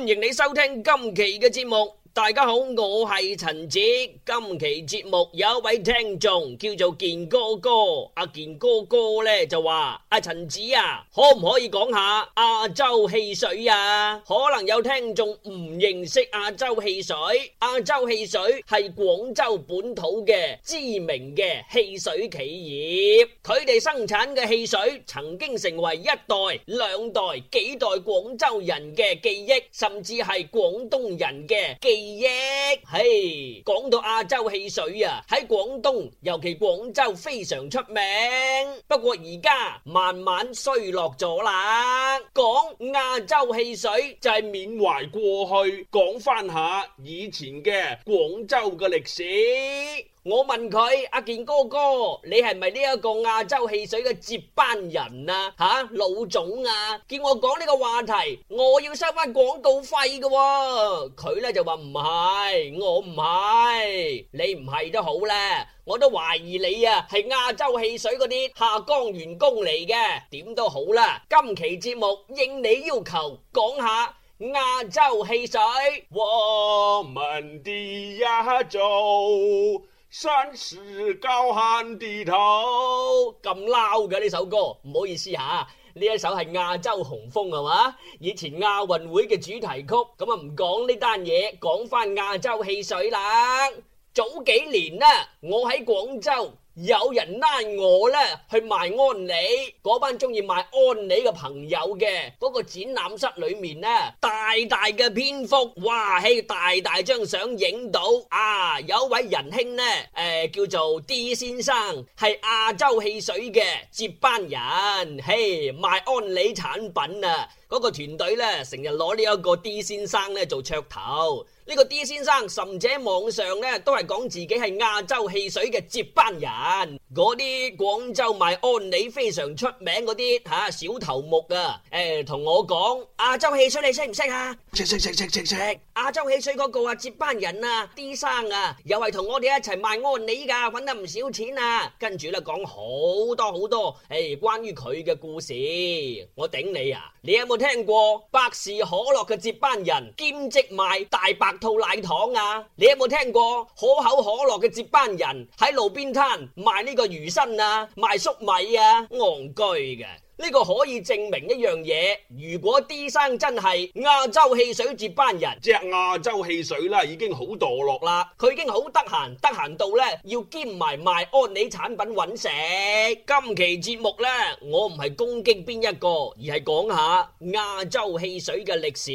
歡迎你收聽今期嘅節目。大家好，我係陳子，今期節目有一位聽眾叫做健哥哥，阿健哥哥咧就話阿、啊、陳子啊，可唔可以講下亞洲汽水啊？可能有聽眾唔認識亞洲汽水，亞洲汽水係廣州本土嘅知名嘅汽水企業，佢哋生產嘅汽水曾經成為一代、兩代、幾代廣州人嘅記憶，甚至係廣東人嘅記憶。億，yeah, hey, 講到亞洲汽水啊，喺廣東，尤其廣州非常出名。不過而家慢慢衰落咗啦。講亞洲汽水就係緬懷過去，講翻下以前嘅廣州嘅歷史。我問佢阿、啊、健哥哥，你係咪呢一個亞洲汽水嘅接班人啊？吓、啊、老總啊，見我講呢個話題，我要收翻廣告費噶、哦。佢呢就話唔係，我唔係，你唔係都好啦。我都懷疑你啊係亞洲汽水嗰啲下崗員工嚟嘅，點都好啦。今期節目應你要求講下亞洲汽水。我們的亞做……山是高喊地頭咁撈嘅呢首歌，唔好意思吓、啊，呢一首係亞洲雄風係嘛，以前亞運會嘅主題曲。咁啊唔講呢單嘢，講翻亞洲汽水啦。早幾年啦，我喺廣州。有人拉我咧去賣安利，嗰班中意賣安利嘅朋友嘅嗰、那個展覽室裏面呢，大大嘅篇幅，哇，係大大張相影到啊！有位仁兄呢，誒、呃，叫做 D 先生，係亞洲汽水嘅接班人，嘿，賣安利產品啊，嗰、那個團隊呢，成日攞呢一個 D 先生呢做噱頭。呢個 D 先生甚至喺網上咧都係講自己係亞洲汽水嘅接班人。嗰啲廣州賣安利非常出名嗰啲吓小頭目啊，誒、呃、同我講亞洲汽水，你識唔識啊？識識識識識識。亞洲汽水嗰個啊接班人啊 D 生啊，又係同我哋一齊賣安利噶，揾得唔少錢啊。跟住咧講好多好多誒、哎、關於佢嘅故事。我頂你啊！你有冇聽過百事可樂嘅接班人兼職賣大白？白兔奶糖啊！你有冇聽過可口可樂嘅接班人喺路邊攤賣呢個魚身啊，賣粟米啊，戇居嘅。呢個可以證明一樣嘢，如果 D 生真係亞洲汽水接班人，即係亞洲汽水啦，已經好墮落啦，佢已經好得閒，得閒到咧要兼埋賣安利產品搵食。今期節目咧，我唔係攻擊邊一個，而係講下亞洲汽水嘅歷史，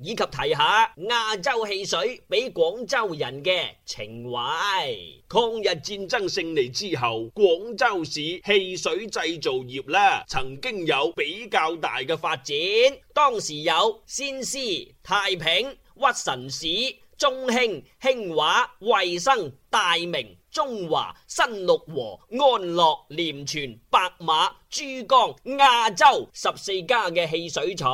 以及提下亞洲汽水俾廣州人嘅情懷。抗日戰爭勝利之後，廣州市汽水製造業呢，曾經有比較大嘅發展。當時有先師、太平、屈臣氏、中興、興華、衛生、大明、中華、新六和、安樂、廉泉。白馬、珠江、亞洲十四家嘅汽水廠，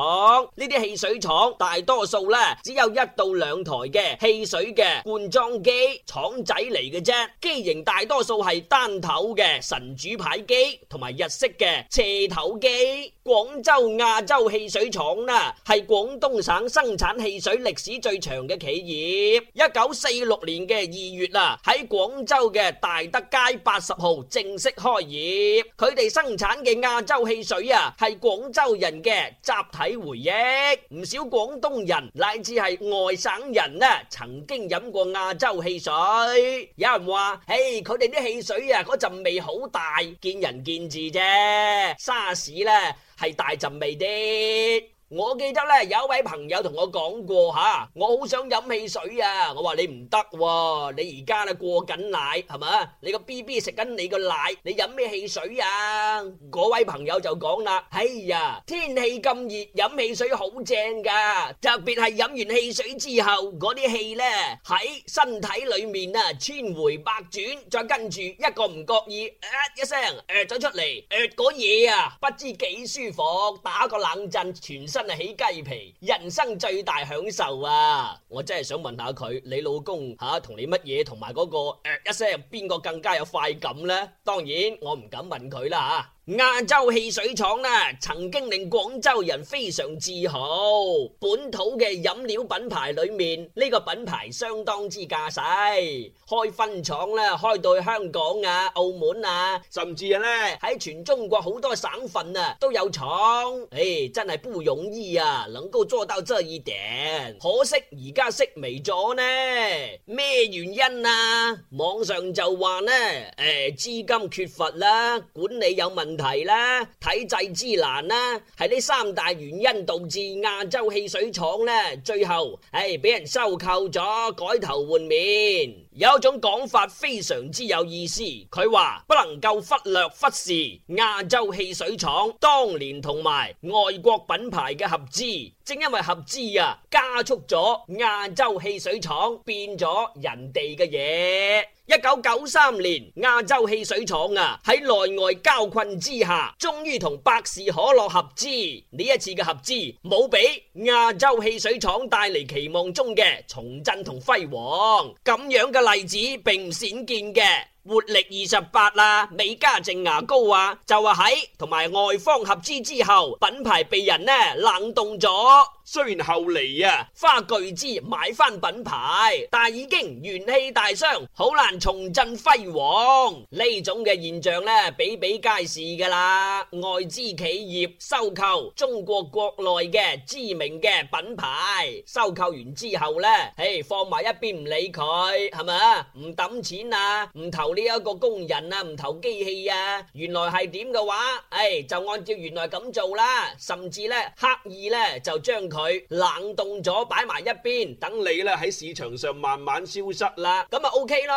呢啲汽水廠大多數咧只有一到兩台嘅汽水嘅灌裝機廠仔嚟嘅啫，機型大多數係單頭嘅神主牌機同埋日式嘅斜頭機。廣州亞洲汽水廠啦，係廣東省生產汽水歷史最長嘅企業。一九四六年嘅二月啊，喺廣州嘅大德街八十號正式開業，佢。佢哋生產嘅亞洲汽水啊，係廣州人嘅集體回憶。唔少廣東人乃至係外省人呢，曾經飲過亞洲汽水。有人話：誒，佢哋啲汽水啊，嗰陣味好大，見仁見智啫。沙士呢，係大陣味啲。我記得咧，有一位朋友同我講過吓，我好想飲汽水啊！我話你唔得喎，你而家咧過緊奶係嘛，你個 B B 食緊你個奶，你飲咩汽水啊？嗰位朋友就講啦，哎呀，天氣咁熱飲汽水好正㗎，特別係飲完汽水之後啲氣咧喺身體裏面啊，千回百轉再跟住一個唔覺意，呃、一聲，呃咗出嚟，呃嗰嘢啊，不知幾舒服，打個冷震，全身。起雞皮，人生最大享受啊！我真係想問下佢，你老公嚇同、啊、你乜嘢，同埋嗰個、呃、一聲，邊個更加有快感呢？當然我唔敢問佢啦。亞洲汽水廠啦、啊，曾經令廣州人非常自豪。本土嘅飲料品牌裏面，呢、這個品牌相當之架勢，開分廠啦，開到香港啊、澳門啊，甚至係咧喺全中國好多省份啊都有廠。誒、哎，真係不容易啊，能夠做到這一點。可惜而家式微咗呢？咩原因啊？網上就話呢，誒，資金缺乏啦，管理有問題。問題啦，體制之難啦，係呢三大原因導致亞洲汽水廠咧，最後係俾人收購咗，改頭換面。有一種講法非常之有意思，佢話不能夠忽略忽視亞洲汽水廠當年同埋外國品牌嘅合資，正因為合資啊，加速咗亞洲汽水廠變咗人哋嘅嘢。一九九三年，亞洲汽水廠啊喺內外交困之下，終於同百事可樂合資。呢一次嘅合資冇俾亞洲汽水廠帶嚟期望中嘅重振同輝煌，咁樣嘅。例子並唔鮮見嘅，活力二十八啦，美加淨牙膏啊，就話喺同埋外方合資之後，品牌被人呢冷凍咗。雖然後嚟啊花巨資買翻品牌，但係已經元氣大傷，好難重振輝煌。呢種嘅現象咧比比皆是噶啦，外資企業收購中國國內嘅知名嘅品牌，收購完之後咧，誒放埋一邊唔理佢，係咪啊？唔抌錢啊，唔投呢一個工人啊，唔投機器啊，原來係點嘅話，誒、哎、就按照原來咁做啦，甚至咧刻意咧就將佢。冷凍咗擺埋一邊，等你咧喺市場上慢慢消失啦。咁啊 OK 咯，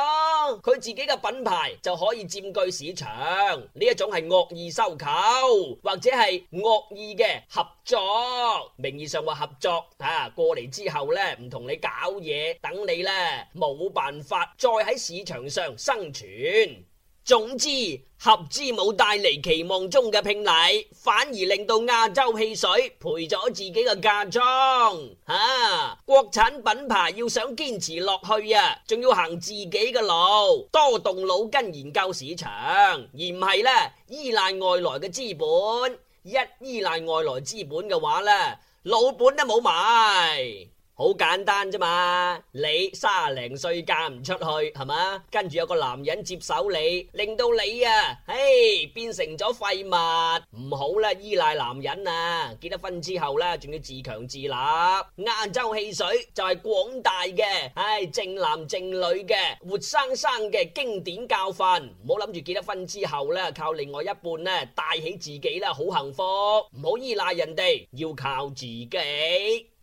佢自己嘅品牌就可以佔據市場。呢一種係惡意收購，或者係惡意嘅合作，名義上話合作，睇、啊、下過嚟之後呢，唔同你搞嘢，等你呢冇辦法再喺市場上生存。總之，合資冇帶嚟期望中嘅聘禮，反而令到亞洲汽水賠咗自己嘅嫁妝。吓、啊，國產品牌要想堅持落去啊，仲要行自己嘅路，多動腦筋研究市場，而唔係呢，依賴外來嘅資本。一依賴外來資本嘅話呢，老本都冇埋。好簡單啫嘛，你三十歲嫁唔出去係嘛，跟住有個男人接手你，令到你啊，誒變成咗廢物，唔好啦，依賴男人啊，結咗婚之後咧，仲要自強自立。亞洲汽水就係廣大嘅，唉、哎，正男正女嘅，活生生嘅經典教訓，唔好諗住結咗婚之後咧，靠另外一半咧帶起自己啦，好幸福，唔好依賴人哋，要靠自己。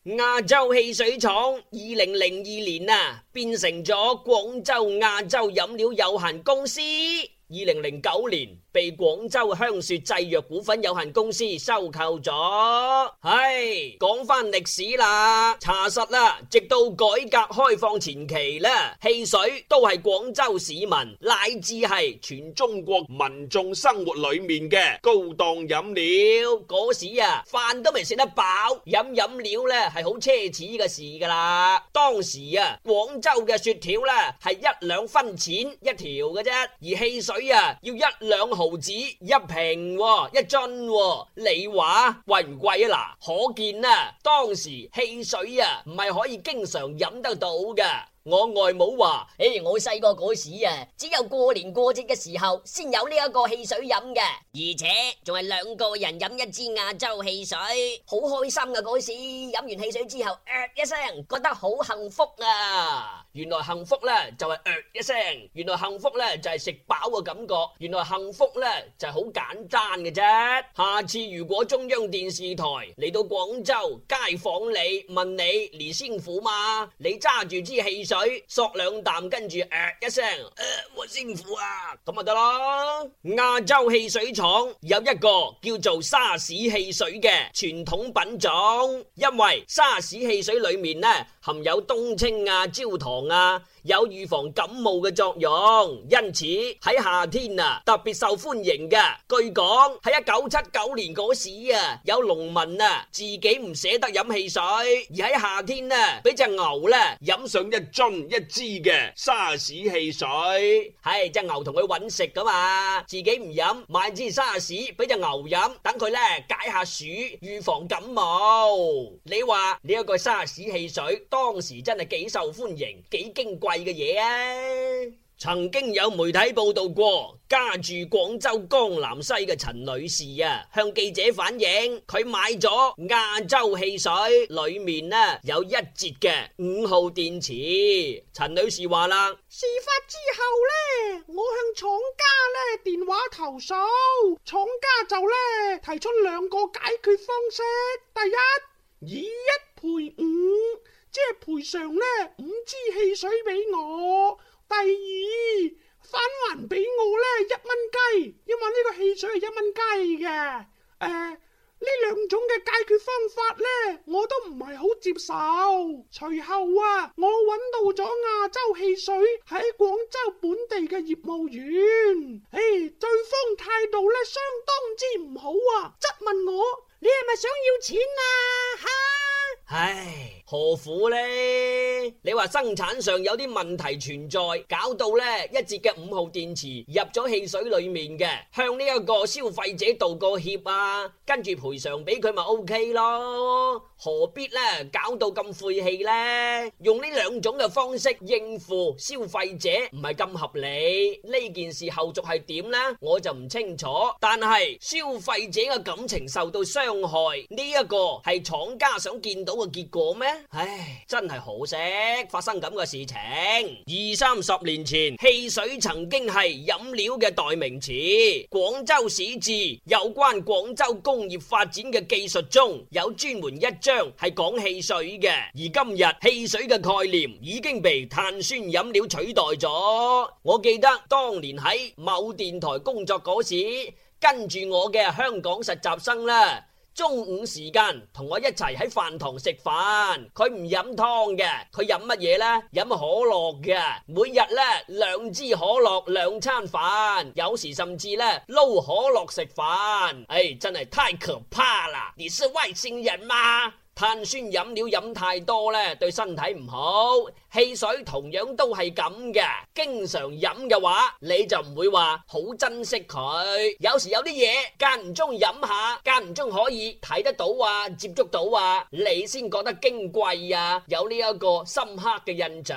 亞洲汽水廠二零零二年啊，變成咗廣州亞洲飲料有限公司。二零零九年。被廣州香雪製藥股份有限公司收購咗。唉，講翻歷史啦，查實啦，直到改革開放前期咧，汽水都係廣州市民乃至係全中國民眾生活裏面嘅高檔飲料。嗰時啊，飯都未食得飽，飲飲料咧係好奢侈嘅事噶啦。當時啊，廣州嘅雪條咧係一兩分錢一條嘅啫，而汽水啊要一兩毫。毫子一,一瓶，一樽，你話貴唔貴啊？嗱，可見啊，當時汽水啊，唔係可以經常飲得到噶。我外母話，誒、欸，我細個時啊，只有過年過節嘅時候先有呢一個汽水飲嘅，而且仲係兩個人飲一支亞洲汽水，好開心啊嗰時。飲完汽水之後，呃一，一聲覺得好幸福啊，原幸福、就是呃！原來幸福咧就係呃一聲，原來幸福咧就係食飽嘅感覺，原來幸福咧就係、是、好簡單嘅啫。下次如果中央電視台嚟到廣州街坊，你問你嚟幸福嘛？你揸住支汽水。水索兩啖，跟住呃一聲呃，我辛苦啊，咁咪得咯。亞洲汽水廠有一個叫做沙士汽水嘅傳統品種，因為沙士汽水裏面呢。含有冬青啊、焦糖啊，有預防感冒嘅作用，因此喺夏天啊特別受歡迎嘅。據講喺一九七九年嗰時啊，有農民啊自己唔捨得飲汽水，而喺夏天呢俾隻牛呢飲上一樽一支嘅沙士汽水，係隻牛同佢搵食噶嘛，自己唔飲買支沙士俾隻牛飲，等佢呢解下暑，預防感冒。你話呢一個沙士汽水？當時真係幾受歡迎、幾矜貴嘅嘢啊！曾經有媒體報道過，家住廣州江南西嘅陳女士啊，向記者反映佢買咗亞洲汽水，裏面呢有一節嘅五號電池。陳女士話啦：事發之後呢，我向廠家呢電話投訴，廠家就呢提出兩個解決方式，第一，以一賠五。即係賠償呢五支汽水俾我，第二返還俾我呢一蚊雞，因為呢個汽水係一蚊雞嘅。誒、呃，呢兩種嘅解決方法呢，我都唔係好接受。隨後啊，我揾到咗亞洲汽水喺廣州本地嘅業務員，誒，對方態度呢相當之唔好啊，質問我，你係咪想要錢啊？哈！唉，何苦咧？你話生產上有啲問題存在，搞到咧一節嘅五號電池入咗汽水裏面嘅，向呢一個消費者道個歉啊，跟住賠償俾佢咪 OK 咯？何必咧搞到咁晦氣咧？用呢兩種嘅方式應付消費者唔係咁合理。呢件事後續係點咧，我就唔清楚。但係消費者嘅感情受到傷害，呢一個係廠家想見到？好嘅結果咩？唉，真係可惜，發生咁嘅事情。二三十年前，汽水曾經係飲料嘅代名詞。《廣州市志》有關廣州工業發展嘅技術中有專門一章係講汽水嘅。而今日汽水嘅概念已經被碳酸飲料取代咗。我記得當年喺某電台工作嗰時，跟住我嘅香港實習生啦。中午時間同我一齊喺飯堂食飯，佢唔飲湯嘅，佢飲乜嘢咧？飲可樂嘅，每日咧兩支可樂兩餐飯，有時甚至咧撈可樂食飯，唉、欸，真係太可怕啦！你是外星人嗎？碳酸飲料飲太多呢，對身體唔好。汽水同樣都係咁嘅，經常飲嘅話，你就唔會話好珍惜佢。有時有啲嘢間唔中飲下，間唔中可以睇得到啊，接觸到啊，你先覺得矜貴啊，有呢一個深刻嘅印象。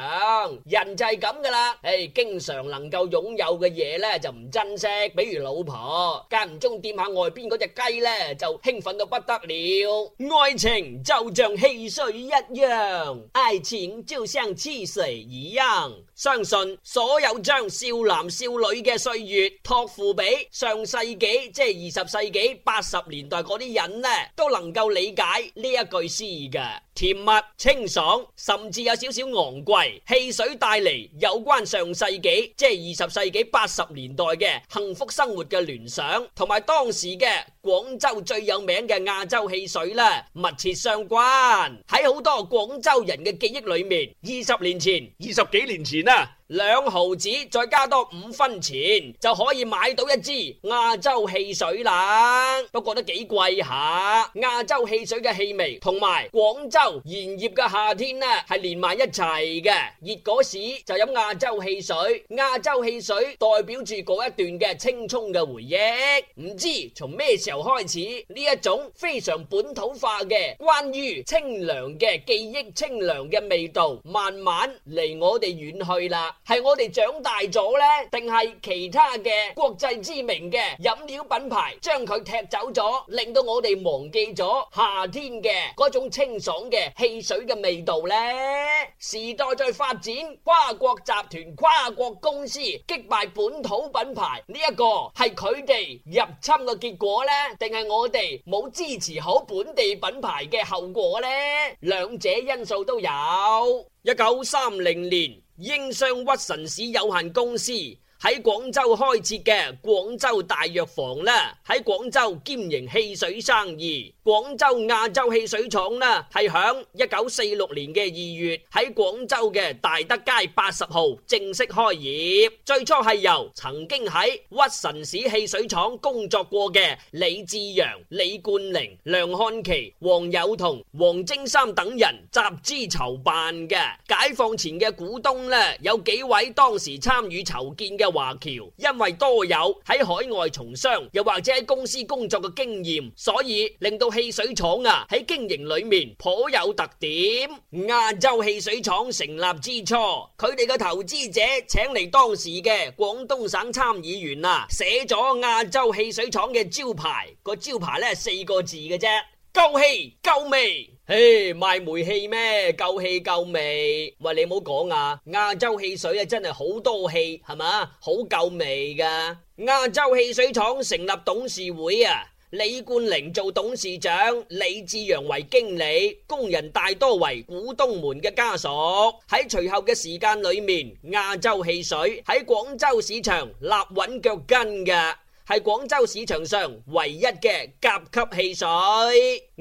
人就係咁噶啦，誒，經常能夠擁有嘅嘢呢，就唔珍惜，比如老婆間唔中掂下外邊嗰隻雞呢，就興奮到不得了，愛情。就像汽水一樣，愛情就像汽水一樣。相信所有將少男少女嘅歲月託付俾上世紀，即係二十世紀八十年代嗰啲人呢，都能夠理解呢一句詩嘅甜蜜、清爽，甚至有少少昂貴。汽水帶嚟有關上世紀，即係二十世紀八十年代嘅幸福生活嘅聯想，同埋當時嘅廣州最有名嘅亞洲汽水呢，密切相。相關，喺好多廣州人嘅記憶裏面，二十年前、二十幾年前啊。兩毫子再加多五分錢就可以買到一支亞洲汽水啦，不過都幾貴下。亞洲汽水嘅氣味同埋廣州炎熱嘅夏天呢，係連埋一齊嘅。熱嗰時就飲亞洲汽水，亞洲汽水代表住嗰一段嘅青蔥嘅回憶。唔知從咩時候開始，呢一種非常本土化嘅關於清涼嘅記憶，清涼嘅味道，慢慢離我哋遠去啦。係我哋長大咗呢？定係其他嘅國際知名嘅飲料品牌將佢踢走咗，令到我哋忘記咗夏天嘅嗰種清爽嘅汽水嘅味道呢？時代在發展，跨國集團、跨國公司擊敗本土品牌，呢、這、一個係佢哋入侵嘅結果呢？定係我哋冇支持好本地品牌嘅後果呢？兩者因素都有。一九三零年。英商屈臣氏有限公司，喺廣州開設嘅廣州大藥房呢，喺廣州兼營汽水生意。廣州亞洲汽水廠呢，係響一九四六年嘅二月，喺廣州嘅大德街八十號正式開業。最初係由曾經喺屈臣氏汽水廠工作過嘅李志陽、李冠寧、梁漢琪、黃友同、黃貞三等人集資籌辦嘅。解放前嘅股東呢，有幾位當時參與籌建嘅。華僑因為多有喺海外從商，又或者喺公司工作嘅經驗，所以令到汽水廠啊喺經營裏面頗有特點。亞洲汽水廠成立之初，佢哋嘅投資者請嚟當時嘅廣東省參議員啦，寫咗亞洲汽水廠嘅招牌，個招牌咧係四個字嘅啫，夠氣夠味。嘿，hey, 賣煤氣咩？夠氣夠味。喂，你唔好講啊！亞洲汽水啊，真係好多氣，係嘛？好夠味噶！亞洲汽水廠成立董事會啊，李冠寧做董事長，李志陽為經理，工人大多為股東們嘅家屬。喺隨後嘅時間裏面，亞洲汽水喺廣州市場立穩腳跟㗎。係廣州市場上唯一嘅甲級汽水，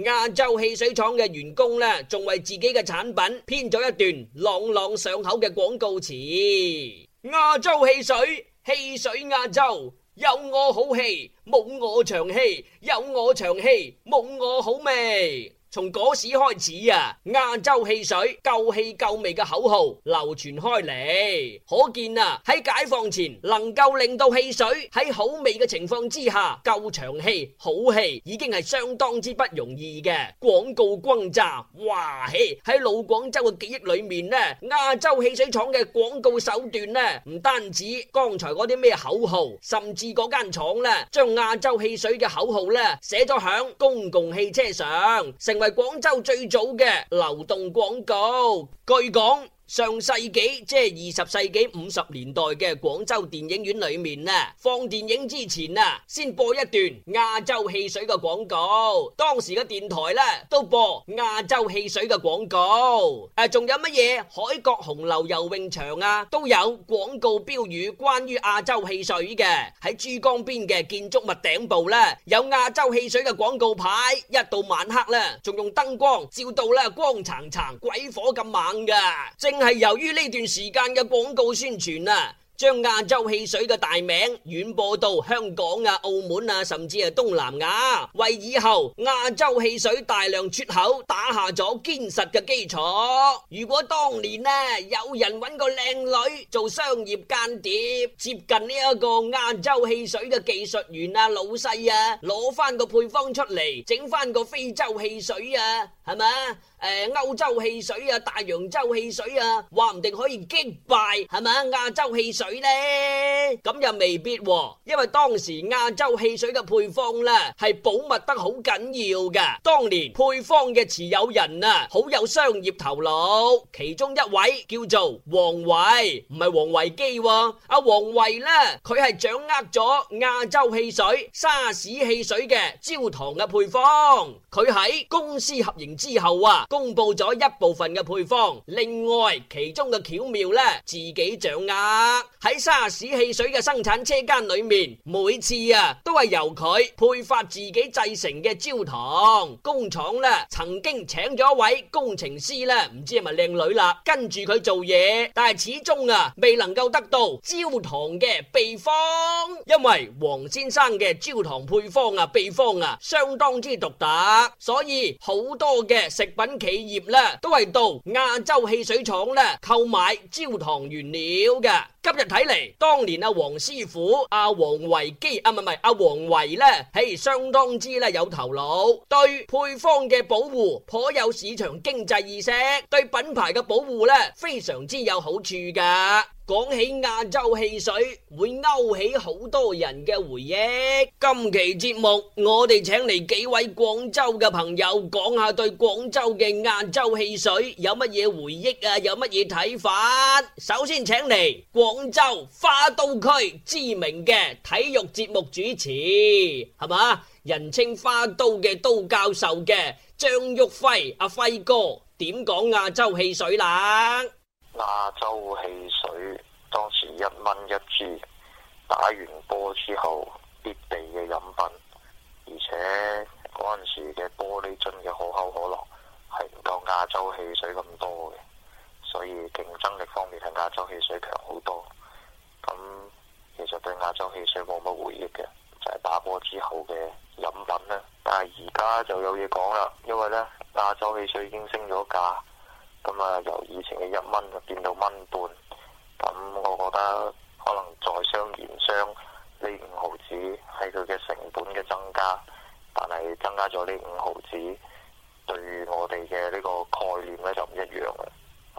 亞洲汽水廠嘅員工呢，仲為自己嘅產品編咗一段朗朗上口嘅廣告詞：亞洲汽水，汽水亞洲，有我好氣，冇我長氣；有我長氣，冇我好味。從嗰時開始啊，亞洲汽水夠氣夠味嘅口號流傳開嚟，可見啊，喺解放前能夠令到汽水喺好味嘅情況之下夠長氣好氣，已經係相當之不容易嘅廣告轟炸。哇！嘿，喺老廣州嘅記憶裏面咧，亞洲汽水廠嘅廣告手段呢，唔單止剛才嗰啲咩口號，甚至嗰間廠呢，將亞洲汽水嘅口號呢寫咗響公共汽車上，成為。係廣州最早嘅流動廣告，據講。上世紀即係二十世紀五十年代嘅廣州電影院裏面呢，放電影之前啦，先播一段亞洲汽水嘅廣告。當時嘅電台呢都播亞洲汽水嘅廣告。誒、啊，仲有乜嘢？海角紅樓游泳場啊，都有廣告標語，關於亞洲汽水嘅。喺珠江邊嘅建築物頂部呢，有亞洲汽水嘅廣告牌。一到晚黑呢，仲用燈光照到呢光燦燦鬼火咁猛㗎。正係由於呢段時間嘅廣告宣傳啊，將亞洲汽水嘅大名遠播到香港啊、澳門啊，甚至係東南亞，為以後亞洲汽水大量出口打下咗堅實嘅基礎。如果當年呢，有人揾個靚女做商業間諜，接近呢一個亞洲汽水嘅技術員啊、老細啊，攞翻個配方出嚟，整翻個非洲汽水啊！係咪啊？誒，歐洲汽水啊，大洋洲汽水啊，話唔定可以擊敗，係咪啊？亞洲汽水咧，咁又未必喎。因為當時亞洲汽水嘅配方咧，係保密得好緊要嘅。當年配方嘅持有人啊，好有商業頭腦，其中一位叫做王維，唔係王維基喎。阿王維咧，佢係掌握咗亞洲汽水、沙士汽水嘅焦糖嘅配方。佢喺公司合營。之後啊，公布咗一部分嘅配方，另外其中嘅巧妙呢，自己掌握喺沙士汽水嘅生產車間裏面，每次啊都係由佢配發自己製成嘅焦糖。工廠呢，曾經請咗一位工程師呢，唔知係咪靚女啦，跟住佢做嘢，但係始終啊未能夠得到焦糖嘅秘方，因為黃先生嘅焦糖配方啊秘方啊相當之獨特，所以好多。嘅食品企業啦，都係到亞洲汽水廠啦購買焦糖原料嘅。今日睇嚟，當年阿、啊、黃師傅、阿、啊、黃維基啊，唔係阿黃維咧，係，相當之啦有頭腦，對配方嘅保護，頗有市場經濟意識，對品牌嘅保護咧，非常之有好處噶。講起亞洲汽水，會勾起好多人嘅回憶。今期節目，我哋請嚟幾位廣州嘅朋友，講下對廣州嘅亞洲汽水有乜嘢回憶啊？有乜嘢睇法？首先請嚟廣州花都區知名嘅體育節目主持，係咪？人稱花都嘅都教授嘅張旭輝，阿輝哥點講亞洲汽水啦？亞洲汽水當時一蚊一支，打完波之後必備嘅飲品，而且嗰陣時嘅玻璃樽嘅可口可樂係唔夠亞洲汽水咁多嘅，所以競爭力方面，係亞洲汽水強好多。咁其實對亞洲汽水冇乜回憶嘅，就係、是、打波之後嘅飲品啦。但係而家就有嘢講啦，因為呢亞洲汽水已經升咗價。咁啊，由以前嘅一蚊就變到蚊半，咁我覺得可能在商言商呢五毫紙喺佢嘅成本嘅增加，但係增加咗呢五毫紙對我哋嘅呢個概念咧就唔一樣嘅。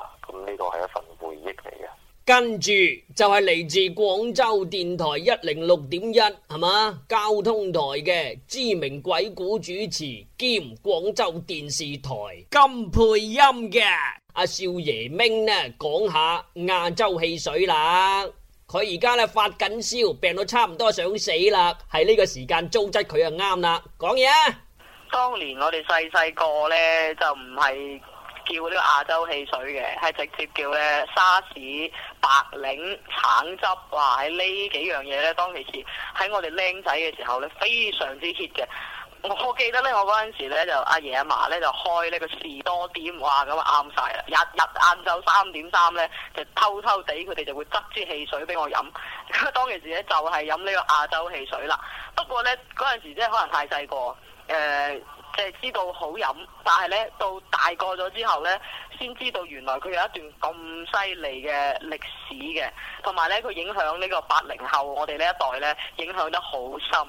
啊，咁呢個係一份回憶嚟嘅。跟住就係嚟自廣州電台一零六點一係嘛，交通台嘅知名鬼故主持兼廣州電視台金配音嘅阿、啊、少爺明呢，講下亞洲汽水啦。佢而家呢發緊燒，病到差唔多想死啦。係呢個時間糟質佢就啱啦。講嘢，當年我哋細細個呢，就唔係。叫呢個亞洲汽水嘅，係直接叫咧沙士、白檸、橙汁，哇！呢幾樣嘢咧，當其時喺我哋僆仔嘅時候咧，非常之 hit 嘅。我記得咧，我嗰陣時咧就阿爺阿嫲咧就開呢個士多店，哇！咁啊啱晒啦，日日晏晝三點三咧，就偷偷地佢哋就會執支汽水俾我飲。咁啊，當其時咧就係飲呢個亞洲汽水啦。不過咧嗰陣時即係可能太細個，誒、呃。即係知道好飲，但係呢，到大個咗之後呢，先知道原來佢有一段咁犀利嘅歷史嘅，同埋呢，佢影響呢個八零後我哋呢一代呢，影響得好深。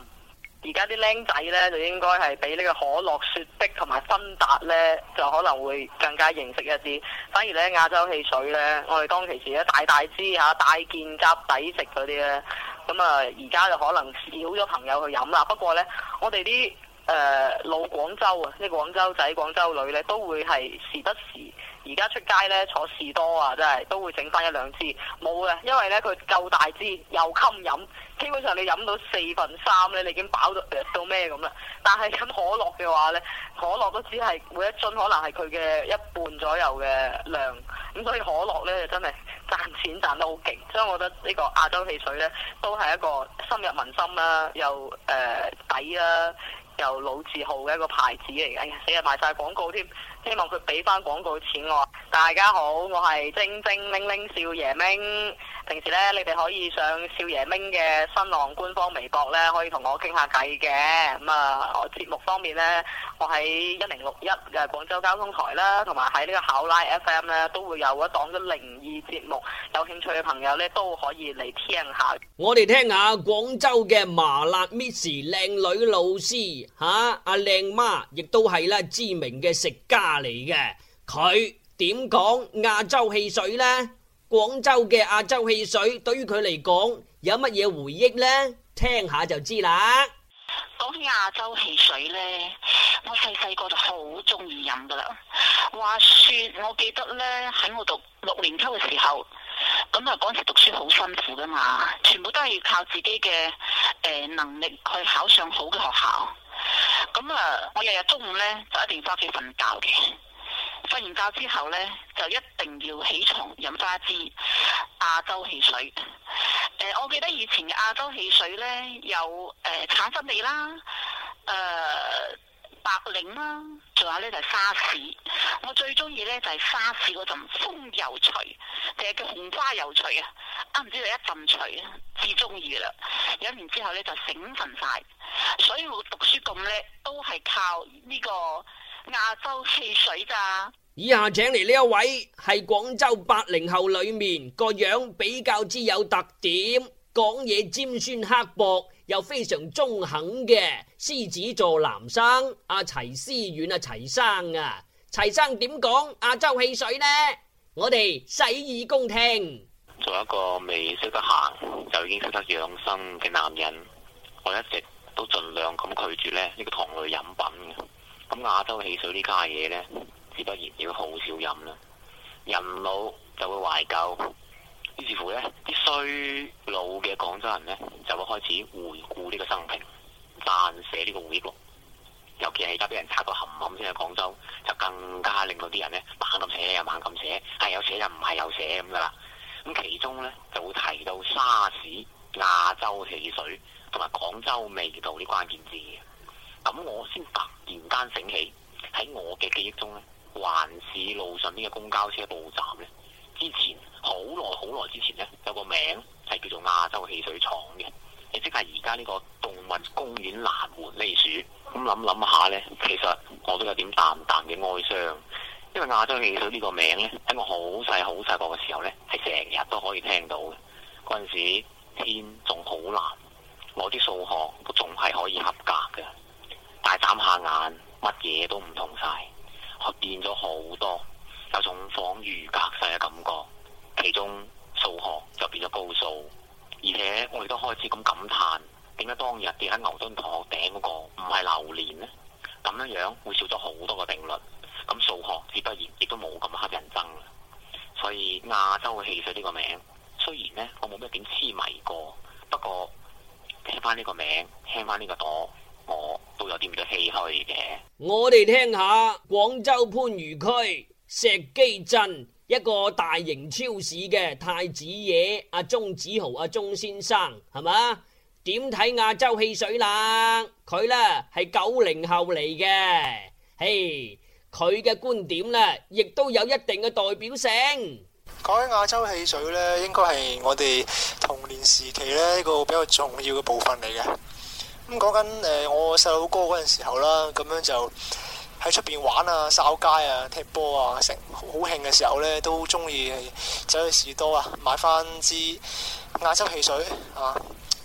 而家啲僆仔呢，就應該係比呢個可樂、雪碧同埋芬達呢，就可能會更加認識一啲。反而呢，亞洲汽水呢，我哋當其時咧大大支嚇、啊、大件夾抵食嗰啲呢，咁啊而家就可能少咗朋友去飲啦。不過呢，我哋啲。誒老、呃、廣州啊，即係、這個、廣州仔、廣州女呢，都會係時不時而家出街呢，坐士多啊，真係都會整翻一兩支冇嘅，因為呢，佢夠大支又襟飲，基本上你飲到四份三咧，你已經飽到到咩咁啦。但係飲可樂嘅話呢，可樂都只係每一樽可能係佢嘅一半左右嘅量，咁所以可樂咧真係賺錢賺得好勁，所以我覺得呢個亞洲汽水呢，都係一個深入民心啦、啊，又誒抵啦。呃又老字號嘅一個牌子嚟嘅，哎呀，成日賣曬廣告添。希望佢俾翻廣告錢我。大家好，我係晶晶、明明、少爺明。平時咧，你哋可以上少爺明嘅新浪官方微博咧，可以同我傾下偈嘅咁啊。我節目方面咧，我喺一零六一嘅廣州交通台啦，同埋喺呢個考拉 F.M. 咧都會有一檔嘅靈異節目，有興趣嘅朋友咧都可以嚟聽下。我哋聽下廣州嘅麻辣 Miss 靚女老師吓，阿、啊、靚媽亦都係啦，知名嘅食家。嚟嘅佢點講亞洲汽水呢？廣州嘅亞洲汽水對於佢嚟講有乜嘢回憶呢？聽下就知啦。講起亞洲汽水呢，我細細個就好中意飲噶啦。話說我記得呢，喺我讀六年級嘅時候，咁啊嗰陣時讀書好辛苦噶嘛，全部都係要靠自己嘅誒能力去考上好嘅學校。咁啊、嗯，我日日中午咧就一定翻屋企瞓覺嘅，瞓完覺之後咧就一定要起床飲翻一支亞洲汽水。誒、呃，我記得以前嘅亞洲汽水咧有誒橙汁味啦，誒、呃。白檸啦、啊，仲有咧就係沙士，我最中意咧就係沙士嗰陣風油除，定係叫紅花油除啊，唔知你一撳除啊，至中意啦，飲完之後咧就醒神晒，所以我讀書咁叻都係靠呢個亞洲汽水咋。以下請嚟呢一位係廣州八零後裏面個樣比較之有特點，講嘢尖酸刻薄。又非常中肯嘅獅子座男生阿齊、啊、思遠阿齊生啊，齊生點講亞洲汽水呢？我哋洗耳恭聽。做一個未識得行就已經識得養生嘅男人，我一直都盡量咁拒絕咧呢個糖類飲品嘅。咁亞洲汽水呢家嘢呢，只不然要好少飲啦。人老就會懷舊。於是乎咧，啲衰老嘅廣州人咧就會開始回顧呢個生平，撰寫呢個回憶錄。尤其係而家畀人拆個冚冚先喺廣州，就更加令到啲人咧猛咁寫，又猛咁寫，係有寫又唔係有寫咁噶啦。咁其中咧就會提到沙士、亞洲汽水同埋廣州味道啲關鍵字嘅。咁我先突然間醒起，喺我嘅記憶中，環市路上邊嘅公交車報站好耐好耐之前呢，有個名係叫做亞洲汽水廠嘅，亦即係而家呢個動物公園南門呢處。咁諗諗下呢，其實我都有點淡淡嘅哀傷，因為亞洲汽水呢個名呢，喺我好細好細個嘅時候呢，係成日都可以聽到嘅。嗰陣時天仲好藍，我啲數學都仲係可以合格嘅。大眨下眼，乜嘢都唔同晒，我變咗好多，有種恍如隔世嘅感覺。其中數學就變咗高數，而且我哋都開始咁感嘆，點解當日跌喺牛頓同學頂嗰個唔係榴蓮呢？咁樣樣會少咗好多個定律，咁數學自不然亦都冇咁黑人憎，所以亞洲嘅汽水呢個名，雖然呢，我冇咩點痴迷過，不過聽翻呢個名，聽翻呢個朵，我都有啲咁嘅唏噓嘅。我哋聽下廣州番禺區石基鎮，一個大型超市嘅太子爺阿鍾子豪，阿鍾先生係嘛，點睇亞洲汽水啦？佢呢係九零後嚟嘅。嘿，佢嘅觀點呢亦都有一定嘅代表性。講起亞洲汽水呢，應該係我哋童年時期呢一個比較重要嘅部分嚟嘅。咁講緊誒，我細佬哥嗰陣時候啦，咁樣就。喺出邊玩啊、掃街啊、踢波啊，成好興嘅時候呢，都中意走去士多啊，買翻支亞洲汽水啊。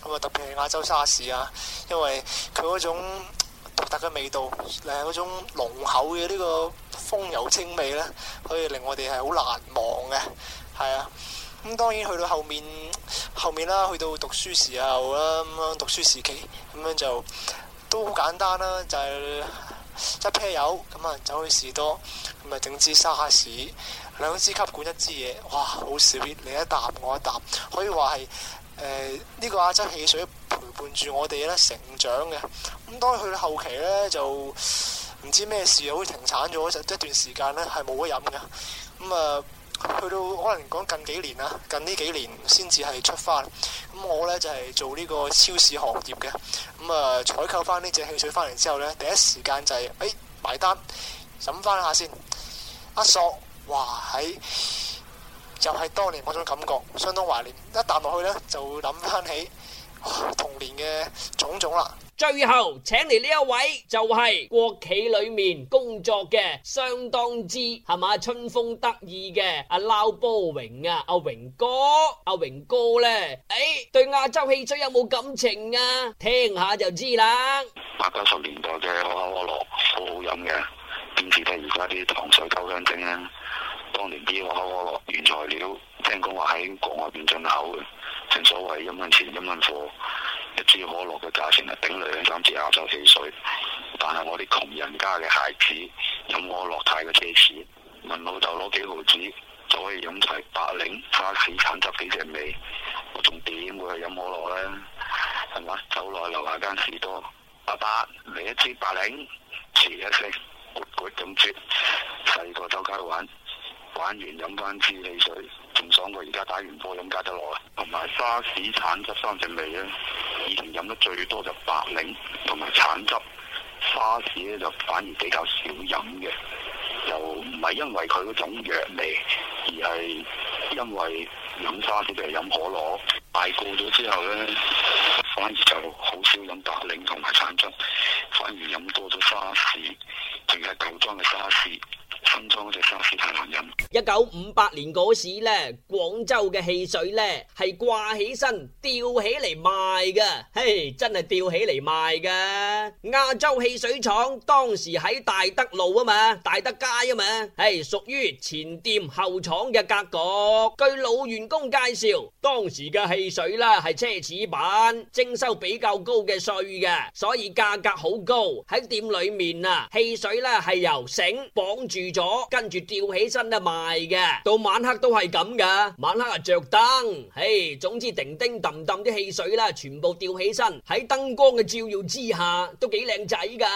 咁啊，特別係亞洲沙士啊，因為佢嗰種獨特嘅味道，誒嗰種濃厚嘅呢個風油精味呢，可以令我哋係好難忘嘅。係啊，咁、嗯、當然去到後面，後面啦、啊，去到讀書時候啦、啊，咁、嗯、樣讀書時期咁樣就都好簡單啦、啊，就係、是。一啤油咁啊，走去士多咁啊，整支沙士，兩支吸管一支嘢，哇，好少你一啖我一啖，可以話係誒呢個亞洲汽水陪伴住我哋咧成長嘅。咁、嗯、當去到後期咧，就唔知咩事啊，好似停產咗一一段時間咧，係冇得飲嘅。咁、嗯、啊～、呃去到可能講近幾年啦，近呢幾年先至係出翻。咁我呢就係、是、做呢個超市行業嘅。咁啊，採購翻呢隻汽水翻嚟之後呢，第一時間就係誒埋單，飲翻下先，阿、啊、索，哇喺，又、哎、係、就是、當年嗰種感覺，相當懷念。一啖落去呢，就會諗翻起。童年嘅種種啦，最後請嚟呢一位就係、是、國企裏面工作嘅相當之係嘛春風得意嘅阿撈波榮啊，阿榮哥，阿榮哥呢？誒、欸、對亞洲汽水有冇感情啊？聽下就知啦。八九十年代嘅可口可樂好好飲嘅，點知得而家啲糖水夠香精啊。當年啲可口可樂原材料聽講話喺國外邊進口嘅。正所謂一蚊錢一蚊貨，一支可樂嘅價錢係頂兩三支亞洲汽水。但係我哋窮人家嘅孩子飲可樂太過奢侈，問老豆攞幾毫子就可以飲齊白檸，花起剷汁幾隻味。我仲點會去飲可樂呢？係嘛？走落樓下間士多，爸爸嚟一支白檸，唓一聲，活活咁啜，細個走街玩，玩完飲翻支汽水。唔爽過而家打完波飲加得耐，啊！同埋沙士、橙汁三隻味咧，以前飲得最多就白檸同埋橙汁，沙士咧就反而比較少飲嘅，又唔係因為佢嗰種藥味，而係因為飲沙士都係飲可樂，大個咗之後咧，反而就好少飲白檸同埋橙汁，反而飲多咗沙士，淨係舊裝嘅沙士。村莊嗰隻僵屍係男人。一九五八年嗰時呢，廣州嘅汽水呢係掛起身吊起嚟賣噶，嘿，真係吊起嚟賣噶。亞洲汽水廠當時喺大德路啊嘛，大德街啊嘛，係屬於前店後廠嘅格局。據老員工介紹，當時嘅汽水呢係奢侈品，徵收比較高嘅稅嘅，所以價格好高。喺店裏面啊，汽水呢係由繩綁住。咗，跟住吊起身啊賣嘅，到晚黑都係咁噶。晚黑啊着燈，誒，總之叮叮噹噹啲汽水啦，全部吊起身喺燈光嘅照耀之下，都幾靚仔噶。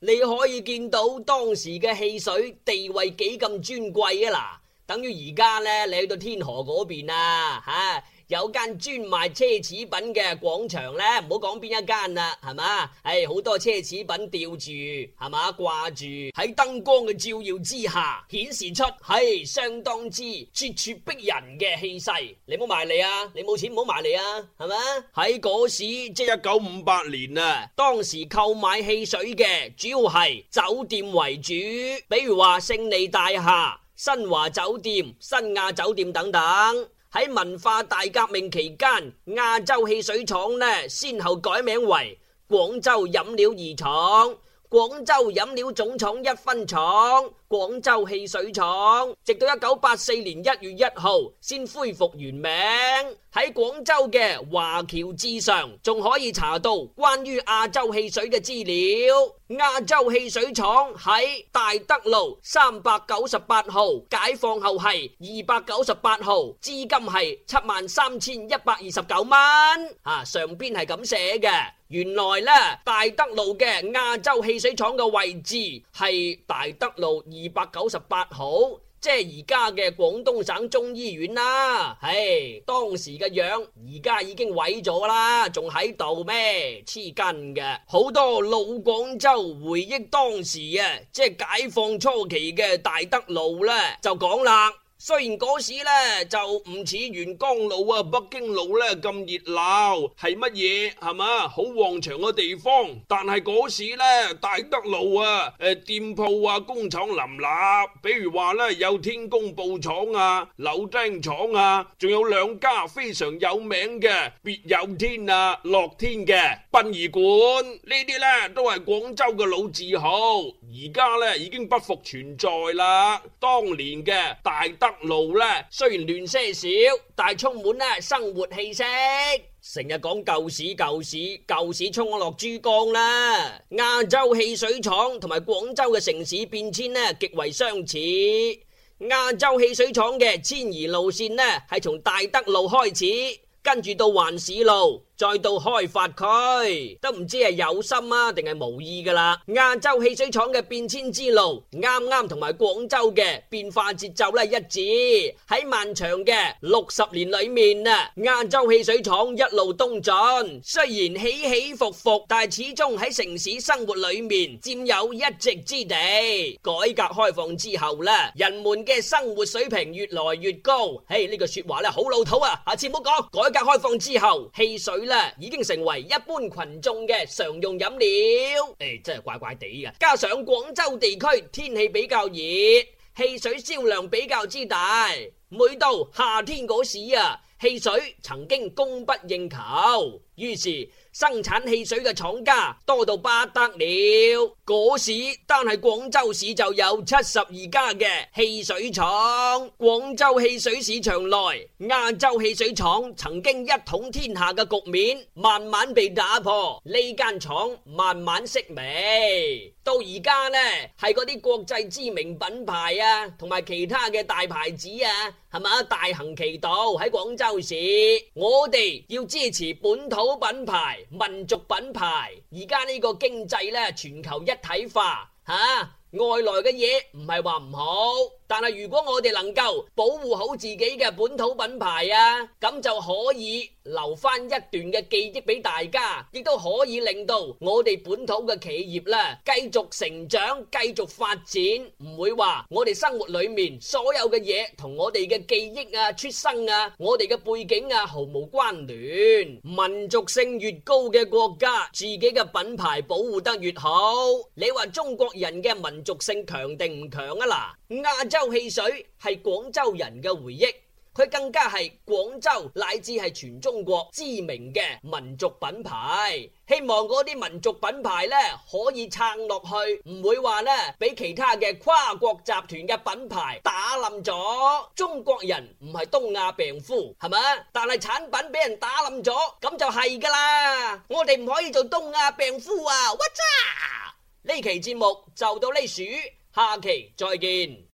你可以見到當時嘅汽水地位幾咁尊貴啊嗱，等於而家咧，你去到天河嗰邊啊，吓。有間專賣奢侈品嘅廣場呢，唔好講邊一間啦，係嘛？唉、哎，好多奢侈品吊住，係嘛掛住，喺燈光嘅照耀之下，顯示出係相當之咄咄逼人嘅氣勢。你唔好埋嚟啊！你冇錢唔好埋嚟啊！係咪？喺嗰時即係一九五八年啊，當時購買汽水嘅主要係酒店為主，比如話勝利大廈、新華酒店、新亞酒店等等。喺文化大革命期間，亞洲汽水廠呢，先後改名為廣州飲料二廠。廣州飲料總廠一分廠，廣州汽水廠，直到一九八四年一月一號先恢復原名。喺廣州嘅華僑志上仲可以查到關於亞洲汽水嘅資料。亞洲汽水廠喺大德路三百九十八號，解放後係二百九十八號，資金係七萬三千一百二十九蚊。啊，上邊係咁寫嘅。原來咧，大德路嘅亞洲汽水廠嘅位置係大德路二百九十八號，即係而家嘅廣東省中醫院啦。唉，當時嘅樣，而家已經毀咗啦，仲喺度咩？黐筋嘅，好多老廣州回憶當時啊，即係解放初期嘅大德路咧，就講啦。雖然嗰時咧就唔似沿江路啊、北京路呢咁熱鬧，係乜嘢係嘛？好旺場嘅地方，但係嗰時咧大德路啊，誒、呃、店鋪啊、工廠林立，比如話呢，有天工布廠啊、柳丁廠啊，仲有兩家非常有名嘅別有天啊、樂天嘅殯儀館，呢啲呢，都係廣州嘅老字號。而家咧已經不復存在啦。當年嘅大德路咧，雖然亂些少，但係充滿咧生活氣息，成日講舊市、舊市、舊市衝我落珠江啦。亞洲汽水廠同埋廣州嘅城市變遷呢，極為相似。亞洲汽水廠嘅遷移路線呢，係從大德路開始，跟住到環市路。再到開發區，都唔知係有心啊定係無意噶啦。亞洲汽水廠嘅變遷之路，啱啱同埋廣州嘅變化節奏咧一致。喺漫長嘅六十年裏面啊，亞洲汽水廠一路東進，雖然起起伏伏，但係始終喺城市生活裏面佔有一席之地。改革開放之後咧，人們嘅生活水平越來越高。嘿，呢句說話咧好老土啊！下次唔好講。改革開放之後，汽水。已經成為一般群眾嘅常用飲料，誒、哎，真係怪怪地嘅。加上廣州地區天氣比較熱，汽水銷量比較之大。每到夏天嗰時啊，汽水曾經供不應求。於是生產汽水嘅廠家多到不得了，嗰時單係廣州市就有七十二家嘅汽水廠。廣州汽水市場內，亞洲汽水廠曾經一統天下嘅局面慢慢被打破，呢間廠慢慢式微。到而家呢，係嗰啲國際知名品牌啊，同埋其他嘅大牌子啊，係咪啊大行其道喺廣州市。我哋要支持本土。品牌，民族品牌。而家呢個經濟咧，全球一體化，吓、啊、外來嘅嘢，唔係話唔好。但係如果我哋能夠保護好自己嘅本土品牌啊，咁就可以留翻一段嘅記憶俾大家，亦都可以令到我哋本土嘅企業啦，繼續成長、繼續發展，唔會話我哋生活裏面所有嘅嘢同我哋嘅記憶啊、出生啊、我哋嘅背景啊毫無關聯。民族性越高嘅國家，自己嘅品牌保護得越好。你話中國人嘅民族性強定唔強啊？嗱，亞洲。汽水係廣州人嘅回憶，佢更加係廣州乃至係全中國知名嘅民族品牌。希望嗰啲民族品牌呢，可以撐落去，唔會話呢，俾其他嘅跨國集團嘅品牌打冧咗。中國人唔係東亞病夫，係咪？但係產品俾人打冧咗，咁就係噶啦。我哋唔可以做東亞病夫啊！我呢期節目就到呢處，下期再見。